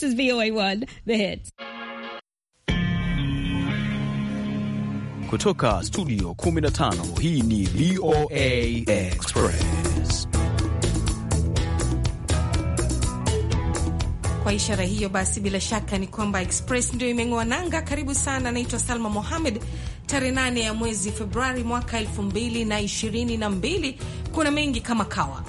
This is VOA1, The Hits. Kutoka studio 15 hii ni VOA Express. Kwa ishara hiyo basi, bila shaka ni kwamba Express ndio imeng'oa nanga. Karibu sana, naitwa Salma Mohamed tarehe 8 ya mwezi Februari mwaka elfu mbili na ishirini na mbili. Kuna mengi kama kawa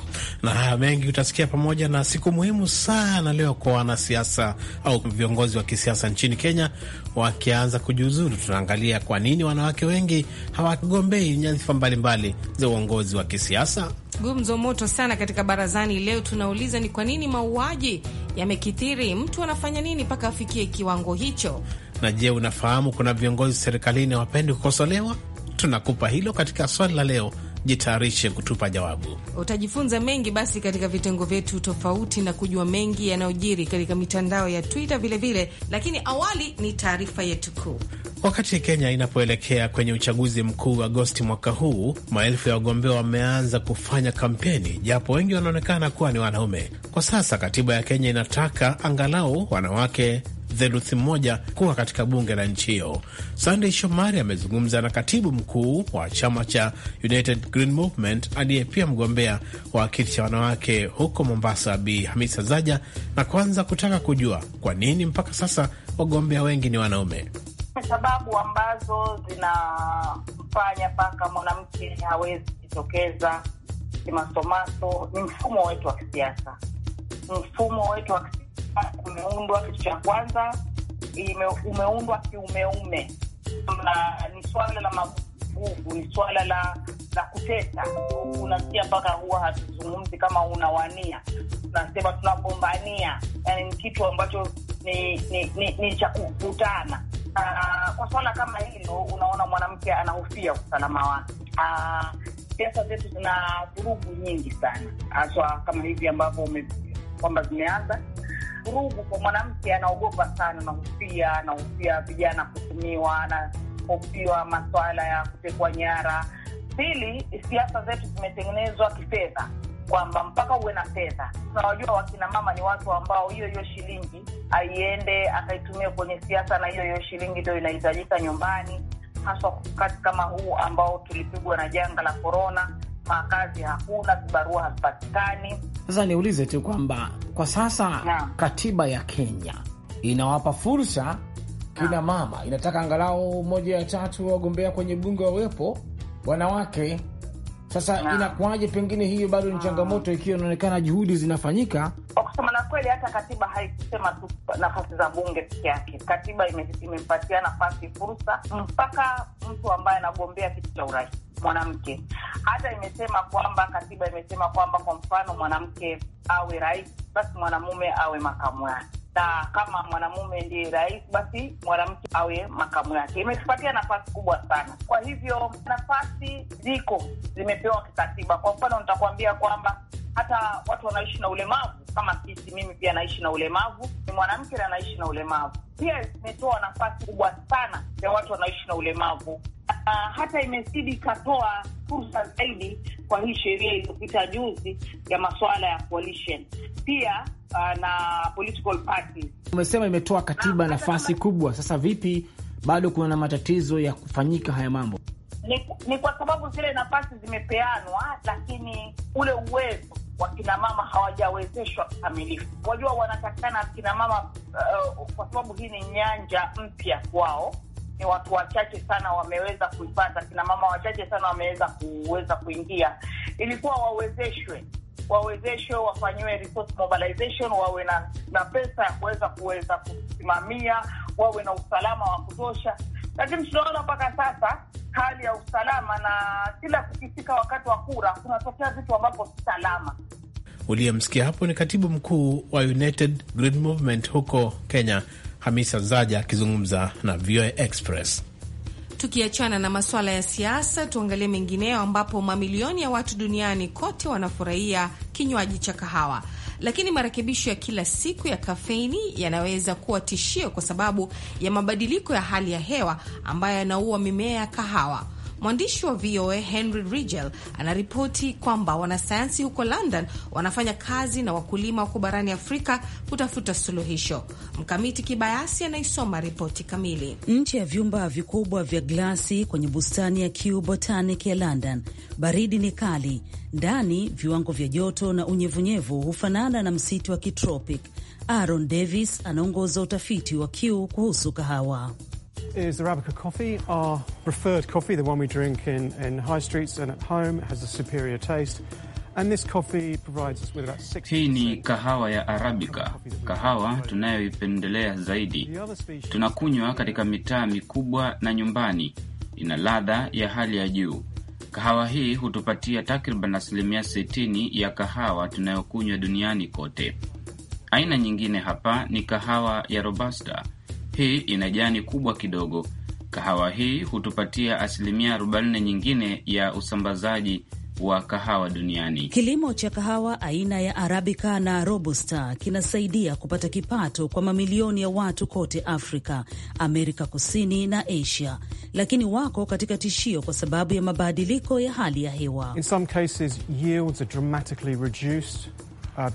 na haya mengi utasikia, pamoja na siku muhimu sana leo kwa wanasiasa au viongozi wa kisiasa nchini Kenya wakianza kujiuzulu. Tunaangalia kwa nini wanawake wengi hawagombei nyadhifa mbalimbali za uongozi wa kisiasa. Gumzo moto sana katika barazani leo, tunauliza ni kwa nini mauaji yamekithiri, mtu anafanya nini mpaka afikie kiwango hicho? Na je, unafahamu kuna viongozi serikalini hawapendi kukosolewa? Tunakupa hilo katika swali la leo. Jitayarishe kutupa jawabu. Utajifunza mengi basi katika vitengo vyetu tofauti na kujua mengi yanayojiri katika mitandao ya Twitter vilevile, lakini awali ni taarifa yetu kuu. Wakati Kenya inapoelekea kwenye uchaguzi mkuu Agosti mwaka huu, maelfu ya wagombea wameanza kufanya kampeni, japo wengi wanaonekana kuwa ni wanaume. Kwa sasa katiba ya Kenya inataka angalau wanawake theluthi moja kuwa katika bunge la nchi hiyo. Sandey Shomari amezungumza na katibu mkuu wa chama cha United Green Movement aliye pia mgombea wa kiti cha wanawake huko Mombasa, Bi Hamisa Zaja, na kwanza kutaka kujua kwa nini mpaka sasa wagombea wengi ni wanaume. Sababu ambazo zinamfanya mpaka mwanamke hawezi kujitokeza kimasomaso ni mfumo wetu wa kisiasa, mfumo wetu wa kisiasa umeundwa. Kitu cha kwanza umeundwa kiumeume, ni swala la magugu, ni swala la la kuteta. Unasikia mpaka huwa hatuzungumzi kama unawania, tunasema tunagombania, yani ni kitu ambacho ni ni, ni, ni cha kuvutana. Kwa swala kama hilo, unaona mwanamke anahofia usalama wake. Ah, siasa zetu zina vurugu nyingi sana, haswa kama hivi ambavyo kwamba zimeanza vurugu kwa mwanamke, anaogopa sana, anahofia anahofia vijana kutumiwa, anahofiwa maswala ya kutekwa nyara. Pili, siasa zetu zimetengenezwa kifedha kwamba mpaka uwe na fedha. Tunawajua wakina mama ni watu ambao hiyo hiyo shilingi aiende akaitumia kwenye siasa, na hiyo hiyo shilingi ndio inahitajika nyumbani, haswa wakati kama huu ambao tulipigwa na janga la korona makazi hakuna, vibarua havipatikani. Sasa niulize tu kwamba kwa sasa na, katiba ya Kenya inawapa fursa kina mama, inataka angalau moja ya tatu wagombea kwenye bunge wawepo wanawake. Sasa inakuwaje? Pengine hiyo bado ni changamoto, ikiwa inaonekana juhudi zinafanyika. Kwa kusema na kweli, hata katiba haikusema tu nafasi za bunge peke yake. Katiba imempatia nafasi, fursa mpaka mtu ambaye anagombea kiti cha urais mwanamke. Hata imesema kwamba katiba imesema kwamba kwa mfano mwanamke awe rais, basi mwanamume awe makamu yake, na kama mwanamume ndiye rais basi mwanamke awe makamu yake. Imetupatia nafasi kubwa sana. Kwa hivyo nafasi ziko zimepewa kikatiba. Kwa mfano, nitakuambia kwamba hata watu wanaishi na ulemavu kama sisi, mimi pia naishi na ulemavu, ni mwanamke na anaishi na ulemavu pia. Imetoa nafasi kubwa sana ya watu wanaishi na ulemavu Ah, hata imezidi ikatoa fursa zaidi kwa hii sheria iliyopita juzi ya masuala ya coalition pia uh, na political parties. Umesema imetoa katiba na ah, nafasi na kubwa. Sasa vipi, bado kuna na matatizo ya kufanyika haya mambo? Ni, ni kwa sababu zile nafasi zimepeanwa, lakini ule uwezo wa mama hawajawezeshwa kikamilifu. Wajua wanatakikana kinamama mama uh, kwa sababu hii ni nyanja mpya kwao ni watu wachache sana wameweza kuipata, kina mama wachache sana wameweza kuweza kuingia. Ilikuwa wawezeshwe wawezeshwe wafanyiwe resource mobilization, wawe na, na pesa ya kuweza kuweza kusimamia, wawe na usalama wa kutosha, lakini tunaona mpaka sasa hali ya usalama na kila kukifika wakati wa kura kunatokea vitu ambavyo si salama. Uliyemsikia hapo ni katibu mkuu wa United Green Movement huko Kenya Hamisa Zaja akizungumza na VOA Express. Tukiachana na masuala ya siasa, tuangalie mengineo ambapo mamilioni ya watu duniani kote wanafurahia kinywaji cha kahawa, lakini marekebisho ya kila siku ya kafeini yanaweza kuwa tishio kwa sababu ya mabadiliko ya hali ya hewa ambayo yanaua mimea ya kahawa. Mwandishi wa VOA Henry rigel anaripoti kwamba wanasayansi huko London wanafanya kazi na wakulima huko barani Afrika kutafuta suluhisho. Mkamiti Kibayasi anaisoma ripoti kamili. Nje ya vyumba vikubwa vya glasi kwenye bustani ya Kew Botanic ya London, baridi ni kali. Ndani viwango vya joto na unyevunyevu hufanana na msitu wa kitropic Aaron Davis anaongoza utafiti wa Kew kuhusu kahawa is Arabica coffee, our preferred coffee, the one we drink in, in high streets and at home. has a superior taste. And this coffee provides us with about 60%. Hii ni kahawa ya Arabica, kahawa tunayoipendelea zaidi. Tunakunywa katika mitaa mikubwa na nyumbani. Ina ladha ya hali ya juu. Kahawa hii hutupatia takriban asilimia 60 ya kahawa tunayokunywa duniani kote. Aina nyingine hapa ni kahawa ya Robusta hii ina jani kubwa kidogo. Kahawa hii hutupatia asilimia 40 nyingine ya usambazaji wa kahawa duniani. Kilimo cha kahawa aina ya Arabika na Robusta kinasaidia kupata kipato kwa mamilioni ya watu kote Afrika, Amerika Kusini na Asia, lakini wako katika tishio kwa sababu ya mabadiliko ya hali ya hewa. In some cases, yields are dramatically reduced. Uh,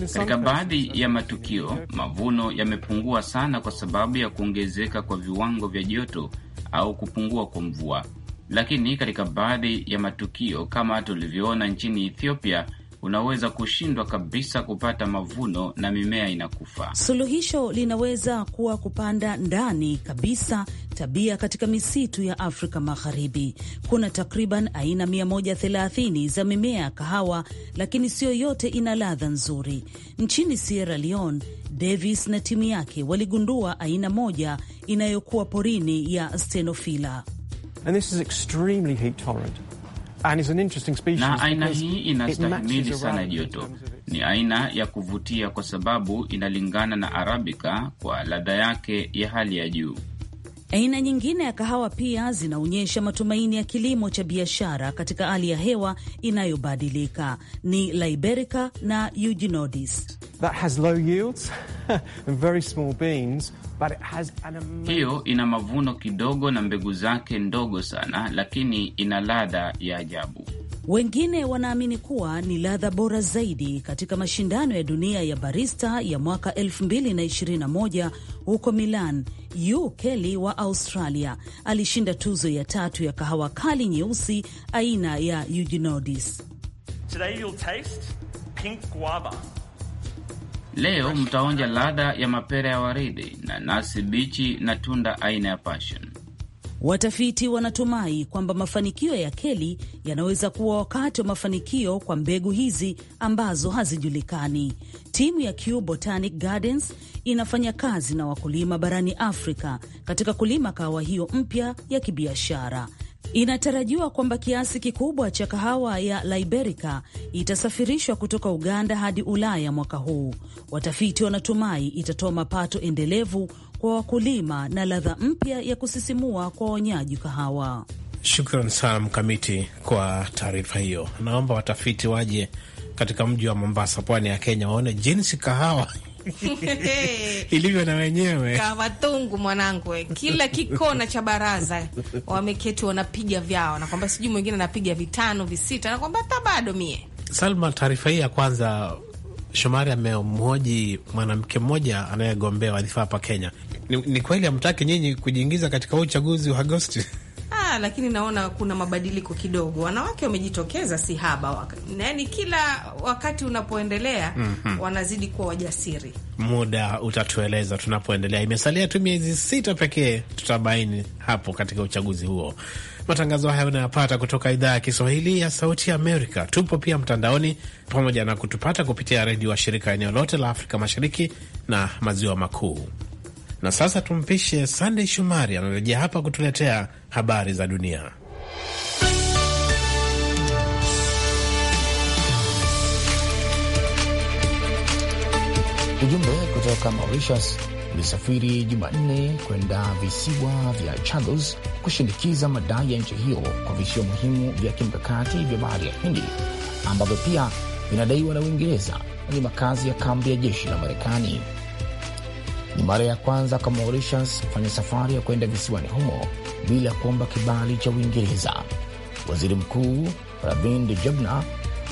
katika baadhi ya matukio mavuno yamepungua sana kwa sababu ya kuongezeka kwa viwango vya joto au kupungua kwa mvua, lakini katika baadhi ya matukio kama tulivyoona nchini Ethiopia unaweza kushindwa kabisa kupata mavuno na mimea inakufa. Suluhisho linaweza kuwa kupanda ndani kabisa tabia katika misitu ya Afrika Magharibi. Kuna takriban aina 130 za mimea ya kahawa, lakini siyo yote ina ladha nzuri. Nchini Sierra Leone, Davis na timu yake waligundua aina moja inayokuwa porini ya stenofila. And this is extremely heat tolerant na aina hii inastahimili sana joto. Ni aina ya kuvutia kwa sababu inalingana na Arabika kwa ladha yake ya hali ya juu. Aina nyingine ya kahawa pia zinaonyesha matumaini ya kilimo cha biashara katika hali ya hewa inayobadilika. Ni Liberica na Eugenoides Hiyo ina mavuno kidogo na mbegu zake ndogo sana, lakini ina ladha ya ajabu. Wengine wanaamini kuwa ni ladha bora zaidi katika mashindano ya dunia ya barista ya mwaka 2021 huko Milan. Yu Kelly wa Australia alishinda tuzo ya tatu ya kahawa kali nyeusi aina ya Eugenodis. Today you'll taste pink guava. Leo mtaonja ladha ya mapera ya waridi na nasi bichi na tunda aina ya passion. Watafiti wanatumai kwamba mafanikio ya keli yanaweza kuwa wakati wa mafanikio kwa mbegu hizi ambazo hazijulikani. Timu ya Kew Botanic Gardens inafanya kazi na wakulima barani Afrika katika kulima kahawa hiyo mpya ya kibiashara. Inatarajiwa kwamba kiasi kikubwa cha kahawa ya Liberica itasafirishwa kutoka Uganda hadi Ulaya mwaka huu. Watafiti wanatumai itatoa mapato endelevu kwa wakulima na ladha mpya ya kusisimua kwa waonyaji kahawa. Shukran sana Mkamiti kwa taarifa hiyo. Naomba watafiti waje katika mji wa Mombasa, pwani ya Kenya, waone jinsi kahawa ilivyo na wenyewe kavatungu mwanangu, eh. kila kikona cha baraza eh. wameketi wanapiga vyao, nakwamba sijui mwingine anapiga vitano visita, nakwamba hata bado mie. Salma, taarifa hii ya kwanza Shomari amemhoji mwanamke mmoja anayegombea wadhifa hapa Kenya. Ni, ni kweli amtaki nyinyi kujiingiza katika huu uchaguzi wa Agosti? kadhaa, lakini naona kuna mabadiliko kidogo. Wanawake wamejitokeza si haba, yaani kila wakati unapoendelea mm -hmm. wanazidi kuwa wajasiri. Muda utatueleza tunapoendelea. Imesalia tu miezi sita pekee, tutabaini hapo katika uchaguzi huo. Matangazo haya unayapata kutoka idhaa ya Kiswahili ya Sauti Amerika. Tupo pia mtandaoni, pamoja na kutupata kupitia redio wa shirika eneo lote la Afrika Mashariki na Maziwa Makuu. Na sasa tumpishe Sandey Shomari anarejea hapa kutuletea habari za dunia. Ujumbe kutoka Mauritius ulisafiri Jumanne kwenda visiwa vya Chagos kushinikiza madai ya nchi hiyo kwa visiwa muhimu vya kimkakati vya bahari ya Hindi ambavyo pia vinadaiwa na Uingereza ni makazi ya kambi ya jeshi la Marekani. Ni mara ya kwanza kwa Mauritius kufanya safari ya kwenda visiwani humo bila kuomba kibali cha Uingereza. Waziri Mkuu Pravind Jugnauth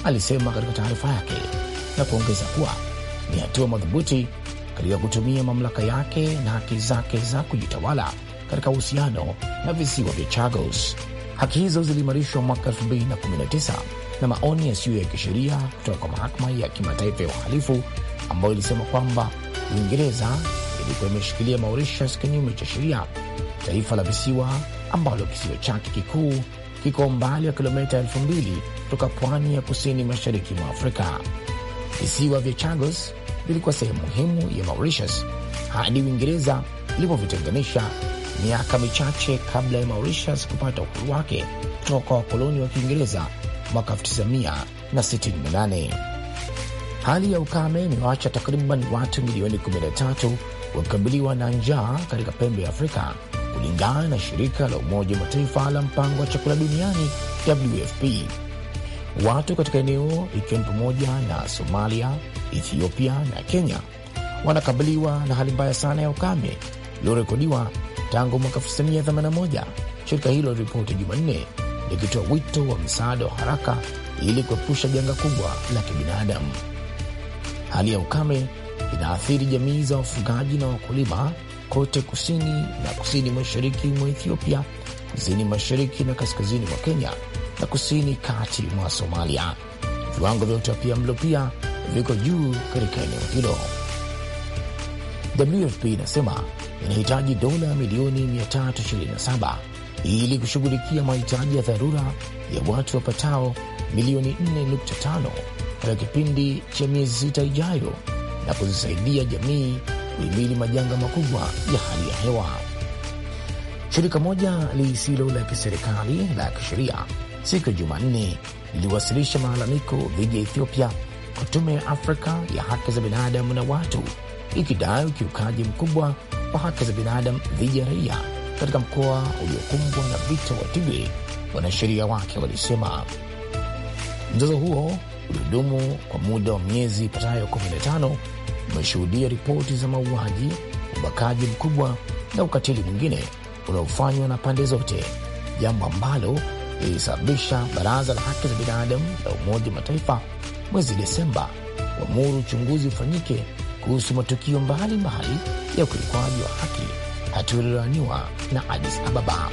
alisema katika taarifa yake na kuongeza kuwa ni hatua madhubuti katika kutumia mamlaka yake na haki zake za kujitawala katika uhusiano na visiwa vya Chagos. Haki hizo ziliimarishwa mwaka 2019 na maoni yasiyo ya kisheria kutoka kwa mahakama ya kimataifa ya uhalifu ambayo ilisema kwamba Uingereza ilikuwa imeshikilia Mauritius kinyume cha sheria, taifa la visiwa ambalo kisiwa chake kikuu kiko umbali wa kilomita elfu mbili kutoka pwani ya kusini mashariki mwa Afrika. Visiwa vya Chagos vilikuwa sehemu muhimu ya Mauritius hadi Uingereza ilipovitenganisha miaka michache kabla ya Mauritius kupata uhuru wake kutoka kwa wakoloni wa Kiingereza mwaka 1968. Hali ya ukame imewacha takriban watu milioni 13 wakikabiliwa na njaa katika pembe ya Afrika, kulingana na shirika la Umoja wa Mataifa la mpango wa chakula duniani WFP. Watu katika eneo ikiwa ni pamoja na Somalia, Ethiopia na Kenya wanakabiliwa na hali mbaya sana ya ukame iliyorekodiwa tangu mwaka 1981, shirika hilo ripoti Jumanne likitoa wito wa msaada wa haraka ili kuepusha janga kubwa la kibinadamu. Hali ya ukame inaathiri jamii za wafugaji na wakulima kote kusini na kusini mashariki mwa Ethiopia, kusini mashariki na kaskazini mwa Kenya na kusini kati mwa Somalia. Viwango vya utapia mlo pia viko juu katika eneo hilo. WFP inasema inahitaji dola milioni 327 ili kushughulikia mahitaji ya dharura ya watu wapatao milioni 4.5 katika kipindi cha miezi sita ijayo na kuzisaidia jamii kuhimili majanga makubwa ya hali ya hewa. Shirika moja lisilo la kiserikali la kisheria siku ya Jumanne liliwasilisha malalamiko dhidi ya Ethiopia kwa Tume ya Afrika ya Haki za Binadamu na Watu, ikidai ukiukaji mkubwa wa haki za binadamu dhidi ya raia katika mkoa uliokumbwa na vita wa tigre wanasheria wake walisema. Mzozo huo uliodumu kwa muda wa miezi patayo 15 umeshuhudia ripoti za mauaji, ubakaji mkubwa na ukatili mwingine unaofanywa na pande zote, jambo ambalo lilisababisha Baraza la Haki za Binadamu la Umoja wa Mataifa mwezi Desemba kuamuru uchunguzi ufanyike kuhusu matukio mbalimbali ya ukiukwaji wa haki, hatua iliyolaaniwa na adis Ababa.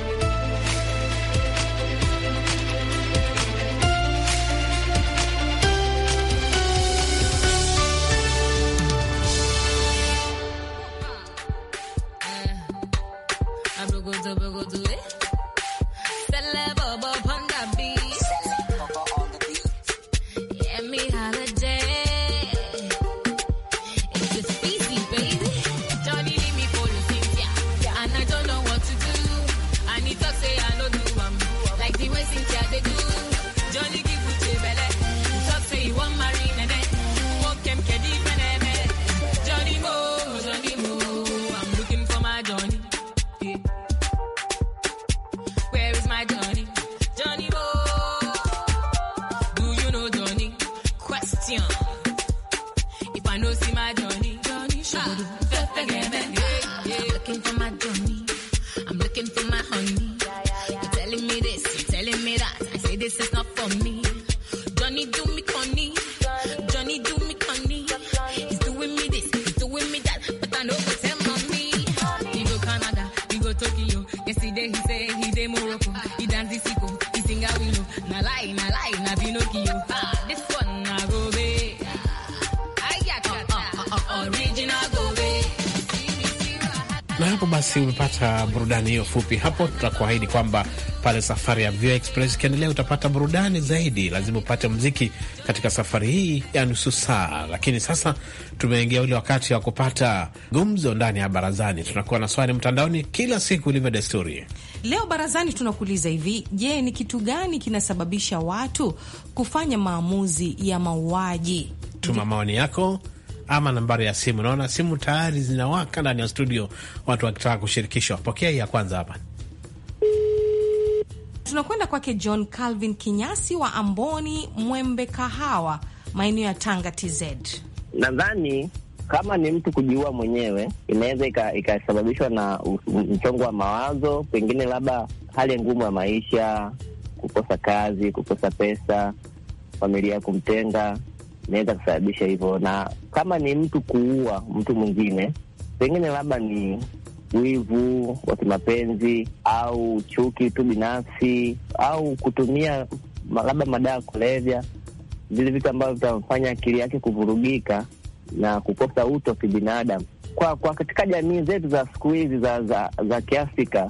umepata burudani hiyo fupi hapo. Tutakuahidi kwamba pale safari ya VOA Express ikiendelea utapata burudani zaidi. Lazima upate mziki katika safari hii ya nusu saa, lakini sasa tumeingia ule wakati wa kupata gumzo ndani ya barazani. Tunakuwa na swali mtandaoni kila siku ilivyo desturi. Leo barazani tunakuuliza hivi, je, ni kitu gani kinasababisha watu kufanya maamuzi ya mauaji? Tuma maoni yako ama nambari ya simu. Naona simu tayari zinawaka ndani ya studio, watu wakitaka kushirikishwa. Pokea hii ya kwanza hapa. Tunakwenda kwake John Calvin Kinyasi wa Amboni Mwembe Kahawa, maeneo ya Tanga TZ. Nadhani kama ni mtu kujiua mwenyewe inaweza ikasababishwa na msongo wa mawazo, pengine labda hali ngumu ya maisha, kukosa kazi, kukosa pesa, familia kumtenga inaweza kusababisha hivyo, na kama ni mtu kuua mtu mwingine, pengine labda ni wivu wa kimapenzi au chuki tu binafsi au kutumia labda madawa ya kulevya, vile vitu ambavyo vitamfanya akili yake kuvurugika na kukosa utu wa kibinadamu. Kwa, kwa katika jamii zetu za siku hizi za, za, za Kiafrika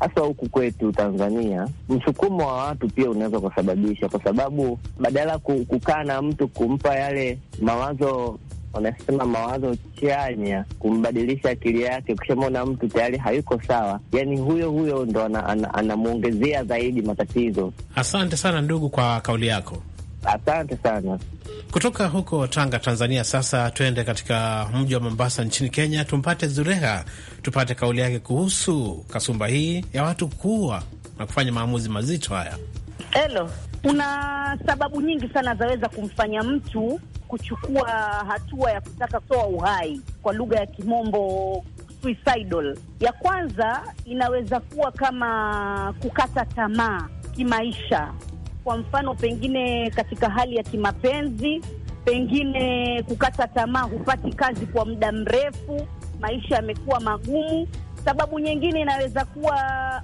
hasa huku kwetu Tanzania, msukumo wa watu pia unaweza ukasababisha, kwa sababu badala ya kukaa na mtu kumpa yale mawazo wanasema mawazo chanya, kumbadilisha akili yake. Ukishamwona mtu tayari hayuko sawa, yani huyo huyo ndo anamwongezea ana, ana zaidi matatizo. Asante sana ndugu kwa kauli yako. Asante sana. Kutoka huko Tanga, Tanzania, sasa tuende katika mji wa Mombasa nchini Kenya, tumpate Zureha, tupate kauli yake kuhusu kasumba hii ya watu kuua na kufanya maamuzi mazito haya. Helo, kuna sababu nyingi sana zaweza kumfanya mtu kuchukua hatua ya kutaka kutoa uhai, kwa lugha ya kimombo suicidal. Ya kwanza inaweza kuwa kama kukata tamaa kimaisha kwa mfano, pengine katika hali ya kimapenzi, pengine kukata tamaa, hupati kazi kwa muda mrefu, maisha yamekuwa magumu. Sababu nyingine inaweza kuwa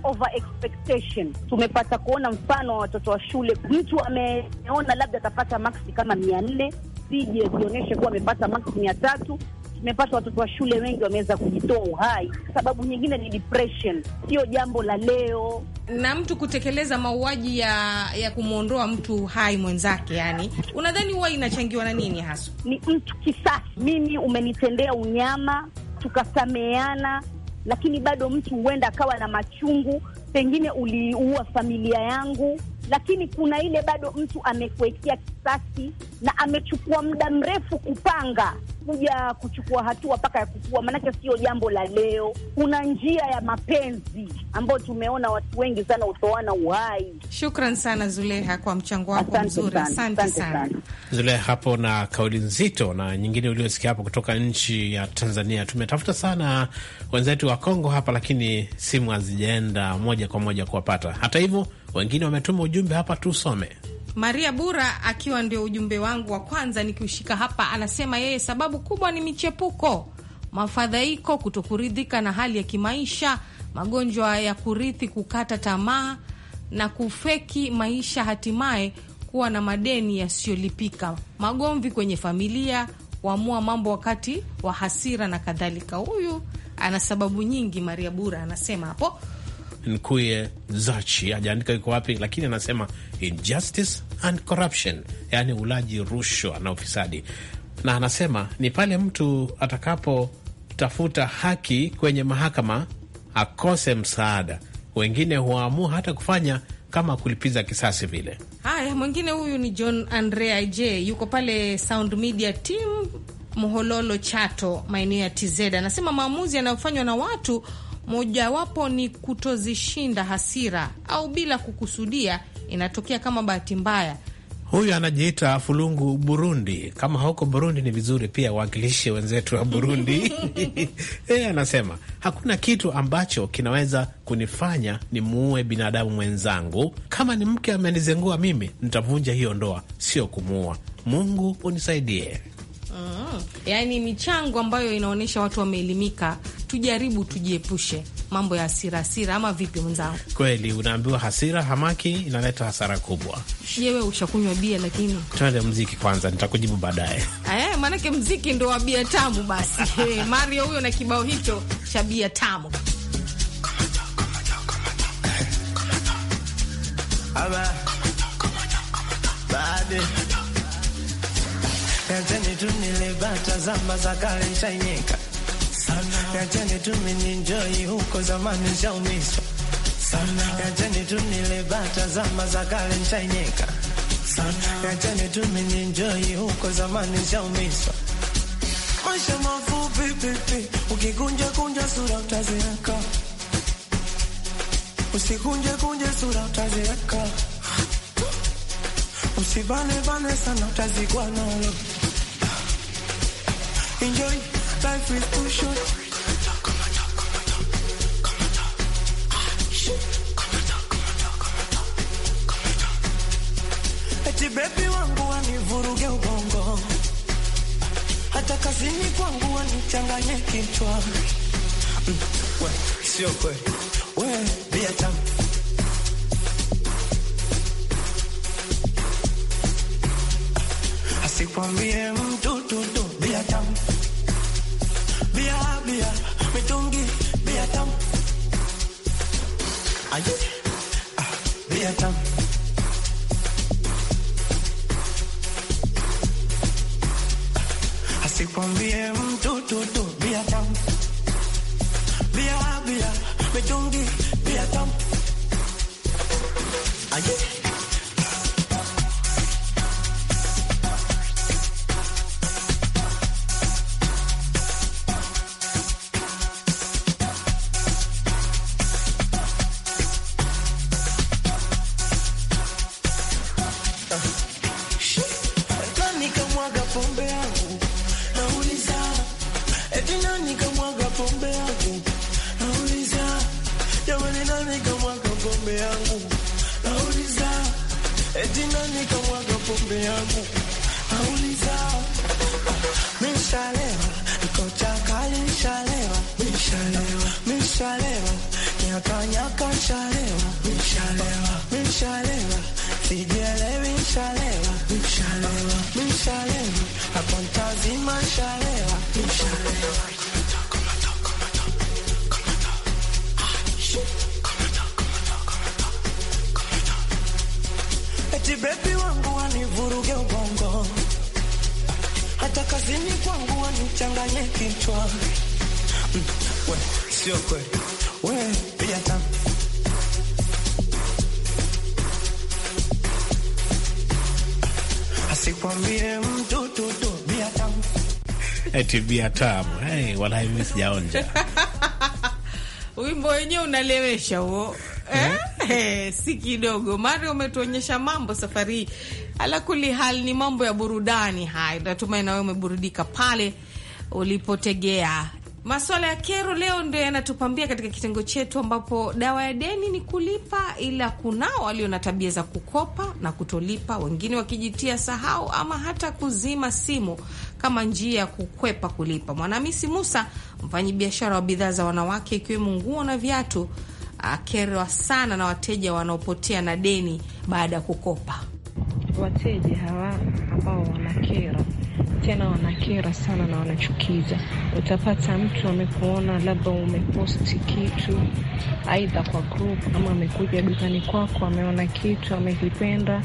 over expectation. Tumepata kuona mfano wa watoto wa shule, mtu ameona labda atapata maksi kama mia nne, sije zionyeshe kuwa amepata maksi mia tatu tumepata watoto wa shule wengi wameweza kujitoa uhai. Sababu nyingine ni depression, sio jambo la leo. Na mtu kutekeleza mauaji ya ya kumwondoa mtu hai mwenzake, yani unadhani huwa inachangiwa na nini haswa Ni mtu kisasi, mimi umenitendea unyama, tukasameana, lakini bado mtu huenda akawa na machungu, pengine uliua familia yangu lakini kuna ile bado mtu amekuwekea kisasi na amechukua muda mrefu kupanga kuja kuchukua hatua mpaka ya kukua, maanake sio jambo la leo. Kuna njia ya mapenzi ambayo tumeona watu wengi sana utoana uhai. Shukran sana Zuleha kwa mchango wako mzuri, asante sana Zuleha hapo na kauli nzito na nyingine uliosikia hapo kutoka nchi ya Tanzania. Tumetafuta sana wenzetu wa Kongo hapa, lakini simu hazijaenda moja kwa moja kuwapata. Hata hivyo wengine wametuma ujumbe hapa, tusome. Maria Bura akiwa ndio ujumbe wangu wa kwanza nikiushika hapa, anasema yeye sababu kubwa ni michepuko, mafadhaiko, kutokuridhika na hali ya kimaisha, magonjwa ya kurithi, kukata tamaa na kufeki maisha, hatimaye kuwa na madeni yasiyolipika, magomvi kwenye familia, kuamua mambo wakati wa hasira na kadhalika. Huyu ana sababu nyingi, Maria Bura anasema hapo. Nkuye Zachi ajaandika iko wapi, lakini anasema injustice and corruption, yaani ulaji rushwa na ufisadi, na anasema ni pale mtu atakapotafuta haki kwenye mahakama akose msaada, wengine huamua hata kufanya kama kulipiza kisasi vile. Haya, mwingine huyu ni John Andrea J, yuko pale Sound Media Team Mhololo Chato, maeneo ya TZ, anasema maamuzi yanayofanywa na watu mojawapo ni kutozishinda hasira au bila kukusudia, inatokea kama bahati mbaya. Huyu anajiita Fulungu Burundi. Kama hauko Burundi, ni vizuri pia wawakilishe wenzetu wa Burundi. E, anasema hakuna kitu ambacho kinaweza kunifanya nimuue binadamu mwenzangu. Kama ni mke amenizengua mimi, nitavunja hiyo ndoa, sio kumuua. Mungu unisaidie. Mm. Yaani michango ambayo inaonyesha watu wameelimika, tujaribu tujiepushe mambo ya hasira hasira, ama vipi mwenzangu? Kweli unaambiwa hasira hamaki inaleta hasara kubwa. Yewe ushakunywa bia? Lakini twende mziki kwanza, nitakujibu baadaye. Eh, maanake mziki ndo wa bia tamu. Basi Mario huyo na kibao hicho cha bia tamu. Aba. Baade. Acheni tu nilibata zama za kale nishainyeka sana. Acheni tu mninjoi huko zamani nishaumiswa sana. Acheni tu nilibata zama za kale nishainyeka sana. Acheni tu mninjoi huko zamani nishaumiswa maisha mafupi pipi, ukikunja kunja sura utazeeka, usikunje kunje sura utazeeka Usibane bane sana utazikwa nalo. Enjoy life is too short. Eti baby wangu wanivuruge ubongo, hata kazini kwangu wanichanganye kichwa. Mm, we, sio kweli. We, be a champ. Kwambie mtu tutu bia tamu bia bia mitungi bia tamu aye ah, bia tamu asikwambie mtu tutu bia tamu bia bia mitungi bia tamu aye ubongo, hata kazini kwangu wanichanganye kichwa. Mm, we, sio kweli we, piga tamu asikwambie mtu tutu bia tamu eti bia tamu. Hey, walahi sijaonja wimbo wenyewe unalewesha huo eh? eh? si kidogo. Mario, umetuonyesha mambo safari hii Ala kuli hali ni mambo ya burudani hai. Natumai na wewe umeburudika pale ulipotegea. Masuala ya kero leo ndio yanatupambia katika kitengo chetu, ambapo dawa ya deni ni kulipa, ila kunao walio na tabia za kukopa na kutolipa, wengine wakijitia sahau ama hata kuzima simu kama njia ya kukwepa kulipa. Mwanamisi Musa, biashara wa bidhaa za wanawake ikiwemo nguo na viatu, akerwa sana na wateja wanaopotea na deni baada ya kukopa wateja hawa ambao wanakera tena wanakera sana na wanachukiza. Utapata mtu amekuona labda umeposti kitu aidha kwa group ama amekuja dukani kwako, ameona kitu amekipenda,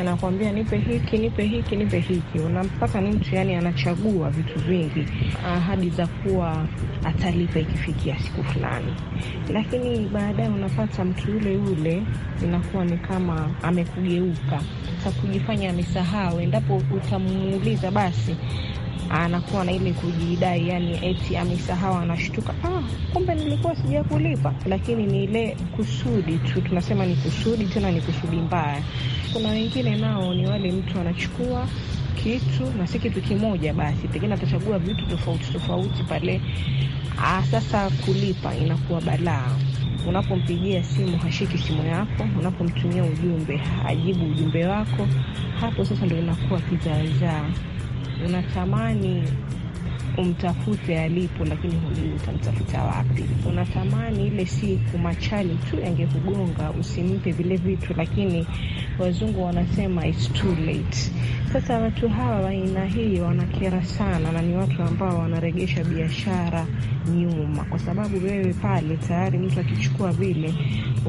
anakuambia nipe hiki, nipe hiki, nipe hiki. Unampaka ni mtu yani anachagua vitu vingi, ahadi za kuwa atalipa ikifikia siku fulani, lakini baadaye unapata mtu yule yule inakuwa ni kama amekugeuka, atakujifanya amesahau. Endapo utamuuliza basi anakuwa na ile kujidai, yani eti amesahau, anashtuka, ah, kumbe nilikuwa sijakulipa. Lakini ni ile kusudi tu, tunasema ni kusudi, tena ni kusudi mbaya. Kuna wengine nao ni wale mtu anachukua kitu na si kitu kimoja, basi pengine atachagua vitu tofauti tofauti pale. Ah, sasa kulipa inakuwa balaa Unapompigia simu hashiki simu yako, unapomtumia ujumbe hajibu ujumbe wako, hapo sasa ndo inakuwa kizaazaa unatamani umtafute alipo, lakini hujui utamtafuta wapi. Unatamani ile siku machali tu yangekugonga, usimpe vile vitu, lakini wazungu wanasema it's too late. Sasa watu hawa wa aina hii wanakera sana, na ni watu ambao wanaregesha biashara nyuma, kwa sababu wewe pale tayari mtu akichukua vile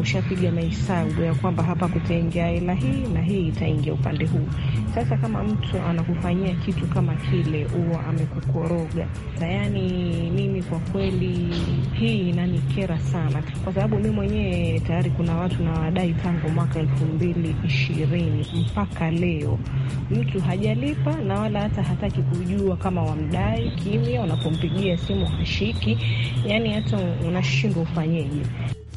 ushapiga mahesabu ya kwamba hapa kutaingia hela hii na hii itaingia upande huu. Sasa kama mtu anakufanyia kitu kama kile, huwa amekukoroga kuuza. Yaani mimi kwa kweli hii inanikera sana, kwa sababu mi mwenyewe tayari kuna watu na wadai tangu mwaka elfu mbili ishirini mpaka leo, mtu hajalipa na wala hata hataki kujua kama wamdai. Kimya, unapompigia simu hashiki, yaani hata unashindwa ufanyeje.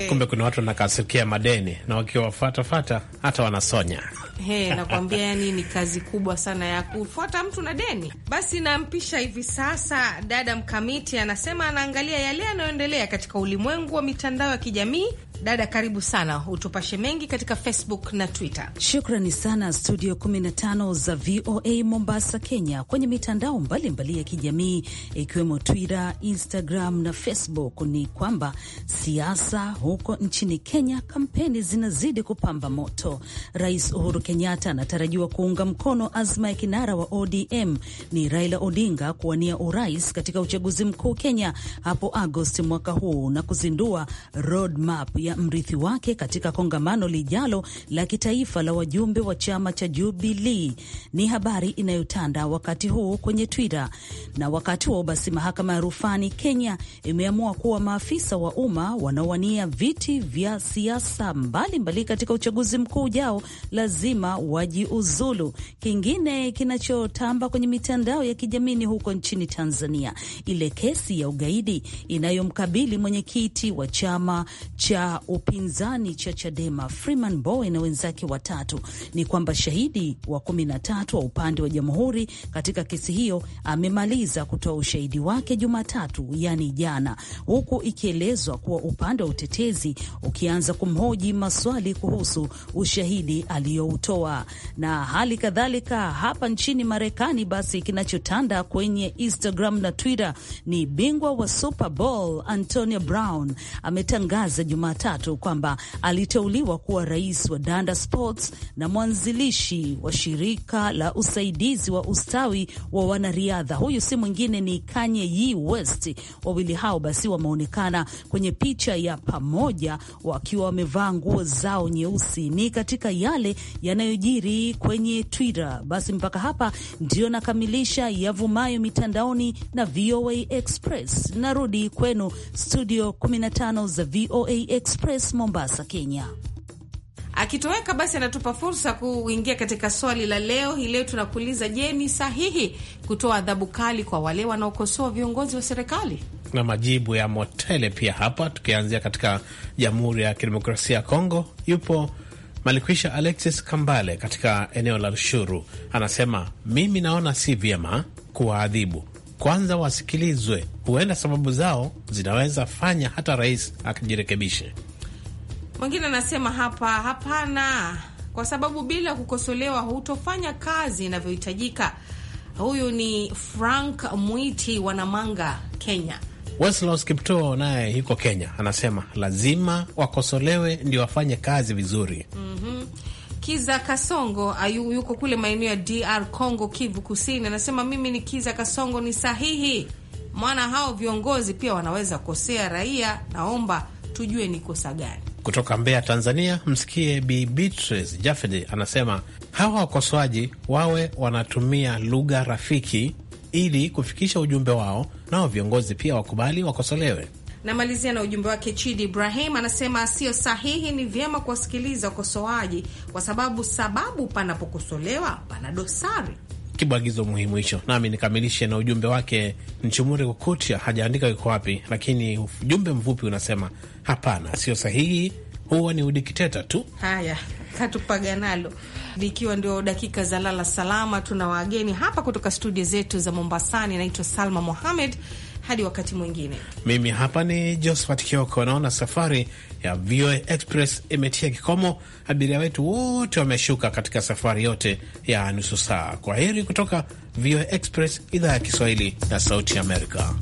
Kumbe kuna watu wanakasikia madeni na wakiwafatafata hata wanasonya. Hey, nakwambia yani ni kazi kubwa sana ya kufuata mtu na deni. Basi nampisha hivi sasa dada Mkamiti, anasema anaangalia yale yanayoendelea katika ulimwengu wa mitandao ya kijamii Dada karibu sana, utupashe mengi katika Facebook na Twitter. Shukrani sana studio 15 za VOA Mombasa, Kenya, kwenye mitandao mbalimbali mbali ya kijamii ikiwemo Twitter, Instagram na Facebook. Ni kwamba siasa huko nchini Kenya, kampeni zinazidi kupamba moto. Rais Uhuru Kenyatta anatarajiwa kuunga mkono azma ya kinara wa ODM ni Raila Odinga kuwania urais katika uchaguzi mkuu Kenya hapo Agosti mwaka huu na kuzindua roadmap ya ya mrithi wake katika kongamano lijalo la kitaifa la wajumbe wa chama cha Jubilee. Ni habari inayotanda wakati huu kwenye Twitter. Na wakati huo basi, mahakama ya rufani Kenya imeamua kuwa maafisa wa umma wanaowania viti vya siasa mbalimbali katika uchaguzi mkuu ujao lazima wajiuzulu. Kingine kinachotamba kwenye mitandao ya kijamii ni huko nchini Tanzania, ile kesi ya ugaidi inayomkabili mwenyekiti wa chama cha upinzani cha Chadema Freeman Mbowe na wenzake watatu ni kwamba shahidi wa kumi na tatu wa upande wa jamhuri katika kesi hiyo amemaliza kutoa ushahidi wake Jumatatu, yani jana, huku ikielezwa kuwa upande wa utetezi ukianza kumhoji maswali kuhusu ushahidi aliyoutoa. Na hali kadhalika hapa nchini Marekani, basi kinachotanda kwenye Instagram na Twitter ni bingwa wa Super Bowl Antonio Brown ametangaza Jumatatu tatu kwamba aliteuliwa kuwa rais wa Danda Sports na mwanzilishi wa shirika la usaidizi wa ustawi wa wanariadha. Huyu si mwingine ni Kanye y West. Wawili hao basi wameonekana kwenye picha ya pamoja wakiwa wamevaa nguo zao nyeusi. Ni katika yale yanayojiri kwenye Twitter. Basi mpaka hapa ndio nakamilisha yavumayo mitandaoni na VOA Express. Narudi kwenu studio 15 za VOA Express. Express Mombasa, Kenya. Akitoweka basi, anatupa fursa kuingia katika swali la leo. Hii leo tunakuuliza, je, ni sahihi kutoa adhabu kali kwa wale wanaokosoa viongozi wa serikali? na majibu ya motele pia hapa, tukianzia katika Jamhuri ya Kidemokrasia ya Kongo. Yupo Malikwisha Alexis Kambale katika eneo la Rushuru, anasema mimi naona si vyema kuwaadhibu, kwanza wasikilizwe, huenda sababu zao zinaweza fanya hata rais akijirekebishe. Mwingine anasema hapa, hapana, kwa sababu bila kukosolewa hutofanya kazi inavyohitajika. Huyu ni Frank Mwiti wa Namanga, Kenya. Weslaus naye yuko Kenya, anasema lazima wakosolewe ndio wafanye kazi vizuri. mm -hmm. Kiza Kasongo ayu, yuko kule maeneo ya DR Congo, Kivu Kusini, anasema mimi ni Kiza Kasongo, ni sahihi, maana hao viongozi pia wanaweza kukosea raia. Naomba tujue ni kosa gani. Kutoka Mbeya, Tanzania, msikie Bi Beatrice Jafedi anasema hawa wakosoaji wawe wanatumia lugha rafiki ili kufikisha ujumbe wao, nao viongozi pia wakubali wakosolewe. Namalizia na ujumbe wake Chidi Ibrahim anasema sio sahihi, ni vyema kuwasikiliza wakosoaji kwa sababu sababu panapokosolewa pana dosari kibwagizo muhimu hicho. Nami nikamilishe na ujumbe wake Nchumure Kukutia, hajaandika yuko wapi, lakini ujumbe mfupi unasema hapana, sio sahihi, huwa ni udikteta tu. Haya, katupaga nalo likiwa ndio dakika za lala salama. Tuna wageni hapa kutoka studio zetu za Mombasani, Naitwa Salma Mohamed hadi wakati mwingine. Mimi hapa ni Josephat Kioko. Naona safari ya VOA Express imetia kikomo. Abiria wetu wote wameshuka katika safari yote ya nusu saa. Kwa heri kutoka VOA Express, idhaa ya Kiswahili ya Sauti Amerika.